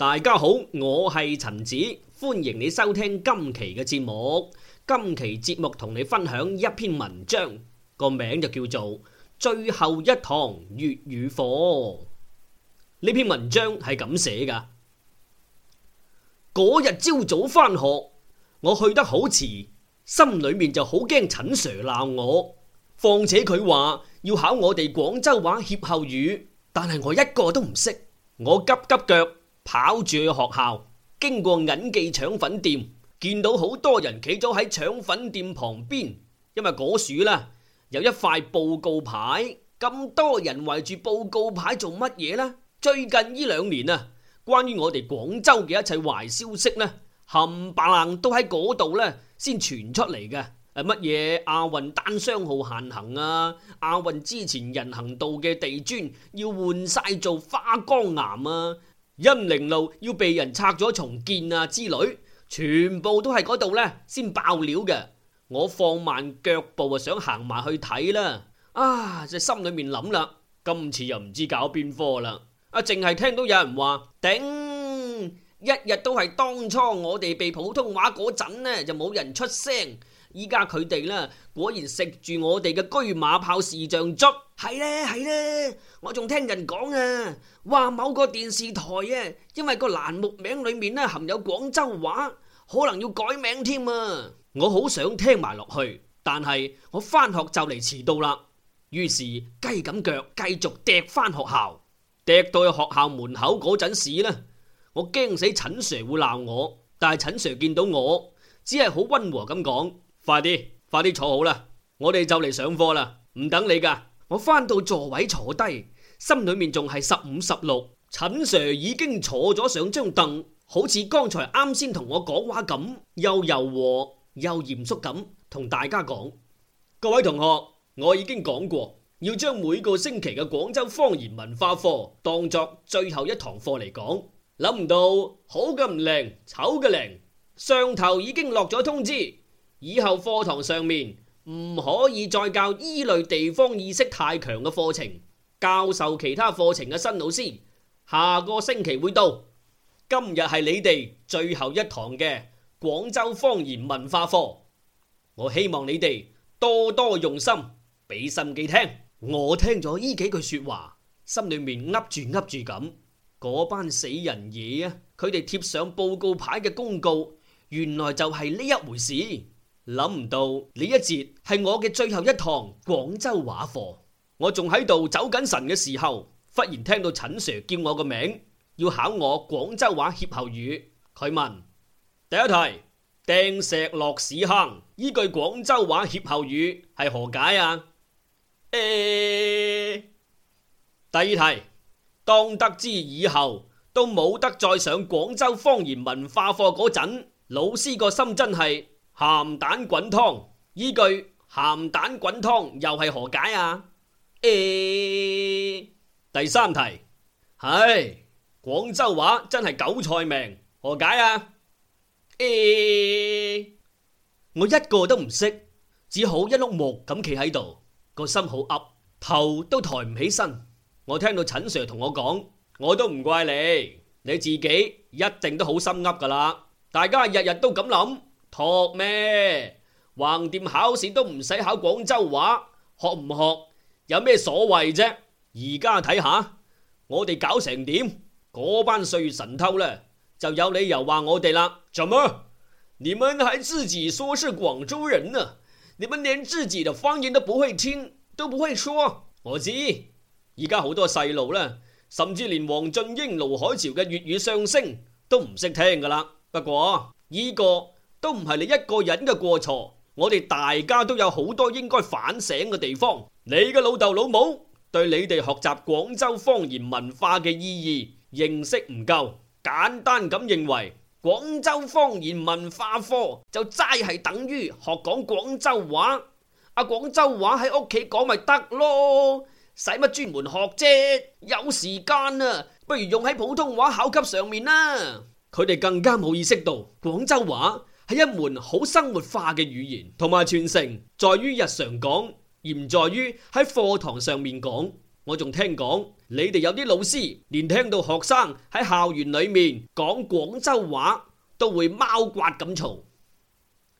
大家好，我係陳子，歡迎你收聽今期嘅節目。今期節目同你分享一篇文章，個名就叫做《最後一堂粵語課》。呢篇文章係咁寫噶：嗰 日朝早翻學，我去得好遲，心裏面就好驚陳 Sir 鬧我。況且佢話要考我哋廣州話歇後語，但係我一個都唔識，我急急腳。跑住去學校，經過銀記腸粉店，見到好多人企咗喺腸粉店旁邊，因為嗰處呢有一塊報告牌，咁多人圍住報告牌做乜嘢呢？最近呢兩年啊，關於我哋廣州嘅一切壞消息呢，冚唪唥都喺嗰度呢先傳出嚟嘅。乜嘢亞運單雙號限行啊？亞運之前人行道嘅地磚要換晒做花崗岩啊？恩寧路要被人拆咗重建啊，之類，全部都係嗰度呢先爆料嘅。我放慢腳步啊，想行埋去睇啦。啊，就心裏面諗啦，今次又唔知搞邊科啦。啊，淨係聽到有人話頂，一日都係當初我哋被普通話嗰陣呢，就冇人出聲。依家佢哋呢，果然食住我哋嘅車馬炮視像粥。係咧係咧，我仲聽人講啊，話某個電視台啊，因為個欄目名裏面咧含有廣州話，可能要改名添啊。我好想聽埋落去，但係我翻學就嚟遲到啦，於是雞咁腳繼續趯翻學校，趯到去學校門口嗰陣時咧，我驚死陳 sir 會鬧我，但係陳 sir 見到我，只係好溫和咁講：， 快啲快啲坐好啦，我哋就嚟上課啦，唔等你噶。我翻到座位坐低，心裏面仲係十五十六。陳 Sir 已經坐咗上張凳，好似剛才啱先同我講話咁，又柔和又嚴肅咁同大家講：各位同學，我已經講過，要將每個星期嘅廣州方言文化課當作最後一堂課嚟講。諗唔到，好嘅唔靈，醜嘅靈。上頭已經落咗通知，以後課堂上面。唔可以再教依類地方意識太強嘅課程，教授其他課程嘅新老師下個星期會到。今日係你哋最後一堂嘅廣州方言文化課，我希望你哋多多用心，俾心機聽。我聽咗依幾句說話，心裏面噏住噏住咁，嗰班死人嘢啊，佢哋貼上報告牌嘅公告，原來就係呢一回事。諗唔到呢一節係我嘅最後一堂廣州話課，我仲喺度走緊神嘅時候，忽然聽到陳 sir 叫我個名，要考我廣州話歇後語。佢問：第一題，掟石落屎坑，依句廣州話歇後語係何解啊？誒、欸，第二題，當得知以後都冇得再上廣州方言文化課嗰陣，老師個心真係。鹹蛋滾湯，依句鹹蛋滾湯又係何解啊？誒、哎，第三題唉，廣州話真係韭菜命，何解啊？誒、哎，我一個都唔識，只好一碌木咁企喺度，個心好噏，頭都抬唔起身。我聽到陳 sir 同我講，我都唔怪你，你自己一定都好心噏噶啦。大家日日都咁諗。托咩？橫掂考試都唔使考廣州話，學唔學有咩所謂啫？而家睇下我哋搞成點，嗰班歲月神偷咧就有理由話我哋啦。怎麼？你們喺自己說是廣州人啊？你們連自己的方言都不會聽，都不會說。我知，而家好多細路啦，甚至連黃俊英、盧海潮嘅粵語相聲都唔識聽噶啦。不過呢個。都唔係你一個人嘅過錯，我哋大家都有好多應該反省嘅地方。你嘅老豆老母對你哋學習廣州方言文化嘅意義認識唔夠，簡單咁認為廣州方言文化科就齋係等於學講廣州話。阿、啊、廣州話喺屋企講咪得咯，使乜專門學啫？有時間啊，不如用喺普通話考級上面啦、啊。佢哋更加冇意識到廣州話。係一門好生活化嘅語言，同埋傳承在於日常講，而唔在於喺課堂上面講。我仲聽講，你哋有啲老師連聽到學生喺校園裏面講廣州話都會貓刮咁嘈。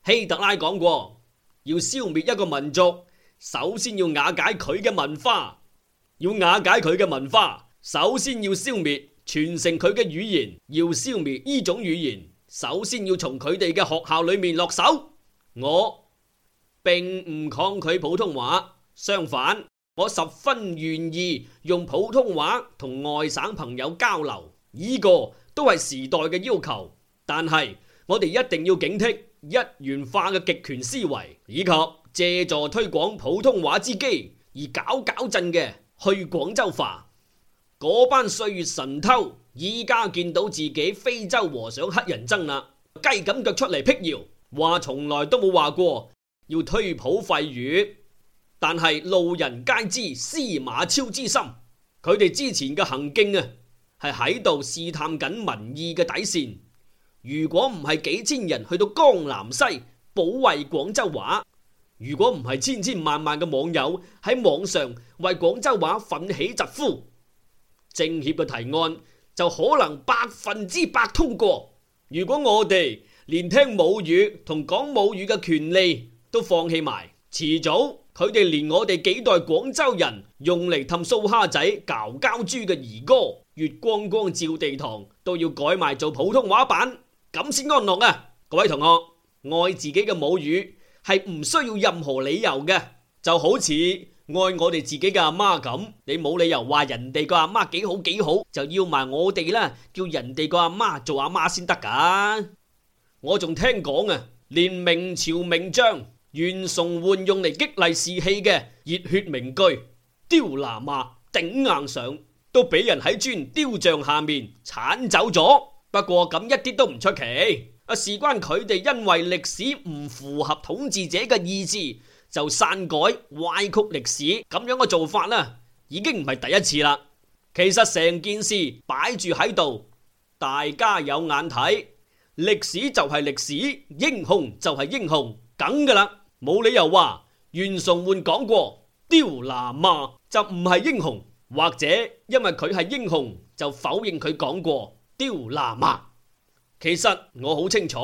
希特拉講過，要消滅一個民族，首先要瓦解佢嘅文化；要瓦解佢嘅文化，首先要消滅傳承佢嘅語言，要消滅呢種語言。首先要從佢哋嘅學校裏面落手，我並唔抗拒普通話，相反，我十分願意用普通話同外省朋友交流，呢個都係時代嘅要求。但係我哋一定要警惕一元化嘅極權思維，以及借助推廣普通話之機而搞搞震嘅去廣州化。嗰班歲月神偷，依家見到自己非洲和尚黑人憎啦，雞咁腳出嚟辟謠，話從來都冇話過要推普廢粵，但係路人皆知司馬昭之心，佢哋之前嘅行徑啊，係喺度試探緊民意嘅底線。如果唔係幾千人去到江南西保衛廣州話，如果唔係千千萬萬嘅網友喺網上為廣州話奮起疾呼。政協嘅提案就可能百分之百通過。如果我哋連聽母語同講母語嘅權利都放棄埋，遲早佢哋連我哋幾代廣州人用嚟氹蘇蝦仔、搞膠珠嘅兒歌《月光光照地堂》都要改埋做普通話版，咁先安樂啊！各位同學，愛自己嘅母語係唔需要任何理由嘅，就好似。愛我哋自己嘅阿媽咁，你冇理由話人哋個阿媽幾好幾好，就要埋我哋啦，叫人哋個阿媽做阿媽先得㗎。我仲聽講啊，連明朝名將袁崇煥用嚟激勵士氣嘅熱血名句“丟那媽，頂硬上”都俾人喺磚雕像下面鏟走咗。不過咁一啲都唔出奇，啊事關佢哋因為歷史唔符合統治者嘅意志。就刪改歪曲歷史咁樣嘅做法呢，已經唔係第一次啦。其實成件事擺住喺度，大家有眼睇，歷史就係歷史，英雄就係英雄，梗㗎喇，冇理由話袁崇煥講過丟那媽就唔係英雄，或者因為佢係英雄就否認佢講過丟那媽。其實我好清楚，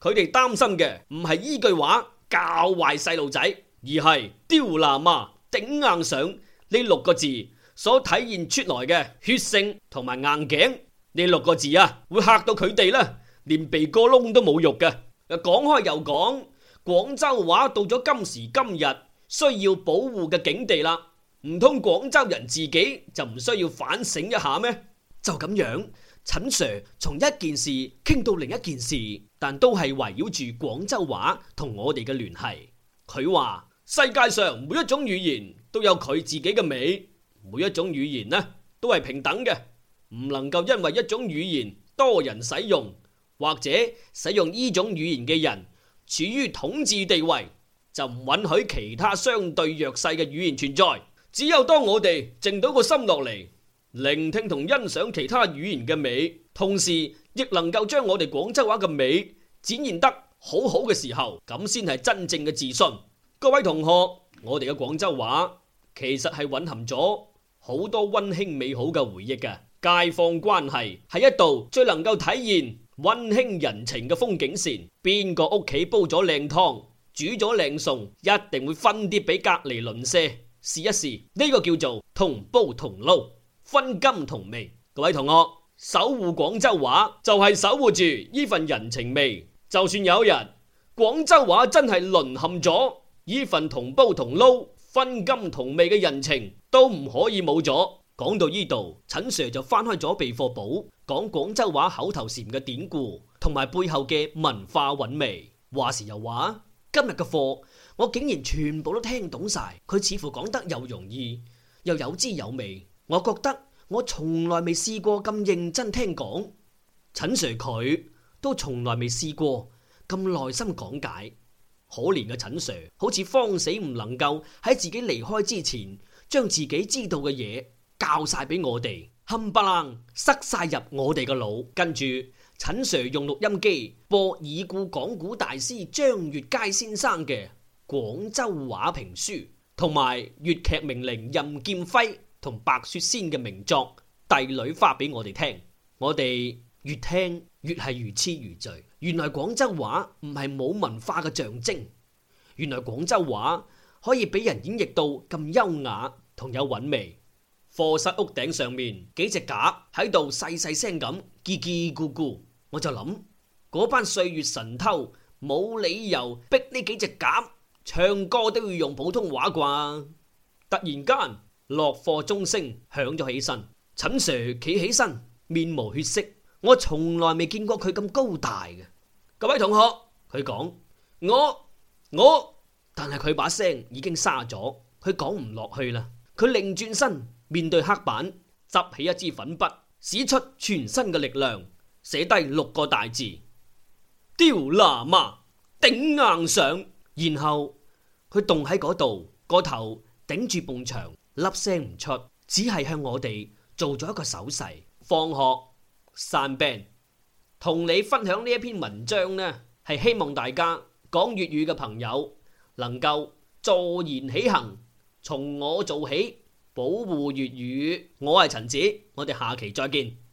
佢哋擔心嘅唔係呢句話教壞細路仔。而係刁難啊頂硬上呢六個字所體現出來嘅血性同埋硬頸，呢六個字啊，會嚇到佢哋啦，連鼻哥窿都冇肉嘅。又講開又講，廣州話到咗今時今日需要保護嘅境地啦，唔通廣州人自己就唔需要反省一下咩？就咁樣，陳 Sir 從一件事傾到另一件事，但都係圍繞住廣州話同我哋嘅聯繫。佢話。世界上每一種語言都有佢自己嘅美，每一種語言呢都係平等嘅，唔能夠因為一種語言多人使用或者使用呢種語言嘅人處於統治地位，就唔允許其他相對弱勢嘅語言存在。只有當我哋靜到個心落嚟，聆聽同欣賞其他語言嘅美，同時亦能夠將我哋廣州話嘅美展現得好好嘅時候，咁先係真正嘅自信。各位同學，我哋嘅廣州話其實係蘊含咗好多溫馨美好嘅回憶嘅。街坊關係係一道最能夠體現溫馨人情嘅風景線。邊個屋企煲咗靚湯、煮咗靚餸，一定會分啲俾隔籬鄰舍試一試。呢個叫做同煲同撈、分金同味。各位同學，守護廣州話就係守護住呢份人情味。就算有一日廣州話真係淪陷咗。依份同煲同撈、分金同味嘅人情都唔可以冇咗。講到呢度，陳 sir 就翻開咗備課簿，講廣州話口頭禪嘅典故同埋背後嘅文化韻味。話時又話，今日嘅課我竟然全部都聽懂晒。佢似乎講得又容易，又有滋有味。我覺得我從來未試過咁認真聽講，陳 sir 佢都從來未試過咁耐心講解。可憐嘅陳 Sir 好似慌死唔能夠喺自己離開之前，將自己知道嘅嘢教晒俾我哋，冚唪唥塞晒入我哋嘅腦。跟住陳 Sir 用錄音機播已故講古大師張月佳先生嘅廣州話評書，同埋粵劇名伶任劍輝同白雪仙嘅名作《帝女花》俾我哋聽，我哋越聽，越係如痴如醉，原來廣州話唔係冇文化嘅象徵，原來廣州話可以俾人演繹到咁優雅同有韻味。課室屋頂上面幾隻鴿喺度細細聲咁嘰嘰咕咕，我就諗嗰班歲月神偷冇理由逼呢幾隻鴿唱歌都要用普通話啩。突然間，落課鐘聲響咗起身，陳 Sir 企起身，面無血色。我從來未見過佢咁高大嘅，各位同學，佢講我我，但係佢把聲已經沙咗，佢講唔落去啦。佢擰轉身面對黑板，執起一支粉筆，使出全身嘅力量寫低六個大字：屌喇嘛頂硬上。然後佢凍喺嗰度，個頭頂住半牆，粒聲唔出，只係向我哋做咗一個手勢。放學。散病同你分享呢一篇文章呢，係希望大家講粵語嘅朋友能夠坐言起行，從我做起，保護粵語。我係陳子，我哋下期再見。